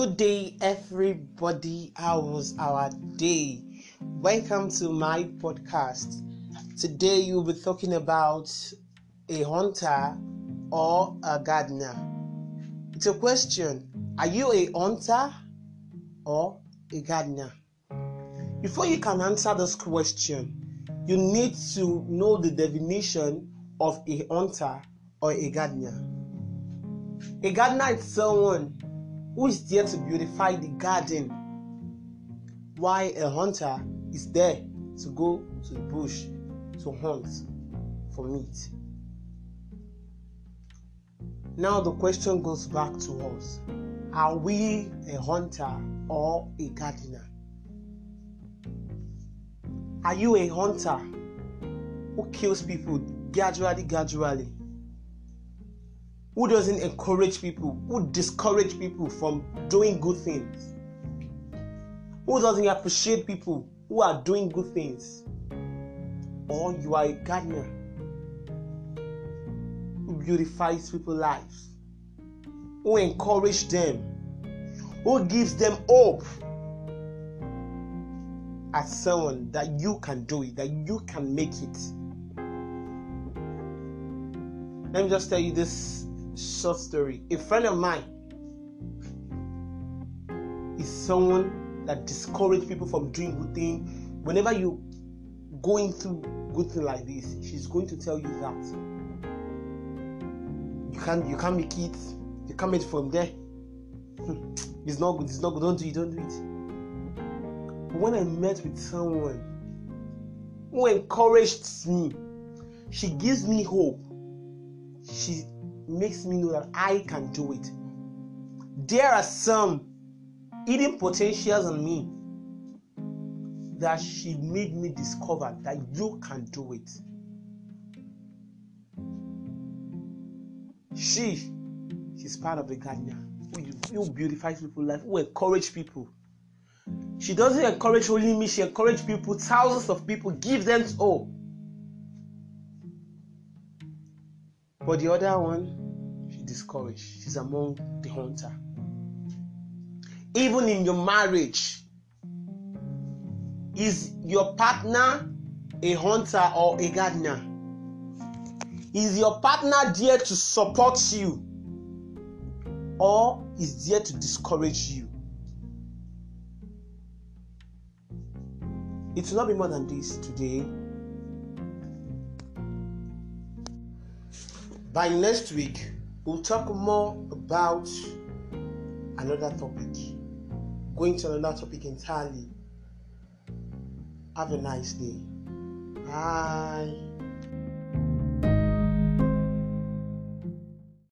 Good day, everybody. How was our day? Welcome to my podcast. Today, you'll be talking about a hunter or a gardener. It's a question Are you a hunter or a gardener? Before you can answer this question, you need to know the definition of a hunter or a gardener. A gardener is someone who is there to beautify the garden while a hunter is there to go to the bush to hunt for meat. Now the question goes back to us Are we a hunter or a gardener? Are you a hunter who kills people gradually, gradually? who doesn't encourage people, who discourage people from doing good things, who doesn't appreciate people who are doing good things, or you are a gardener who beautifies people's lives, who encourages them, who gives them hope as someone that you can do it, that you can make it. Let me just tell you this short story. A friend of mine is someone that discourages people from doing good things. Whenever you going through good thing like this, she's going to tell you that you can't you can't make it, you can't make it from there. Hmm. It's not good, it's not good, don't do it, don't do it. But when I met with someone who encouraged me, she gives me hope. She makes me know that I can do it. There are some hidden potentials in me that she made me discover that you can do it. She, she's part of the gardener who, beautify beautifies people's life, who encourage people. She doesn't encourage only me, she encourages people, thousands of people, give them all. But the other one, discouraged. She's among the hunter. Even in your marriage, is your partner a hunter or a gardener? Is your partner there to support you or is there to discourage you? It will not be more than this today. By next week, We'll talk more about another topic, going to another topic entirely. Have a nice day. Bye.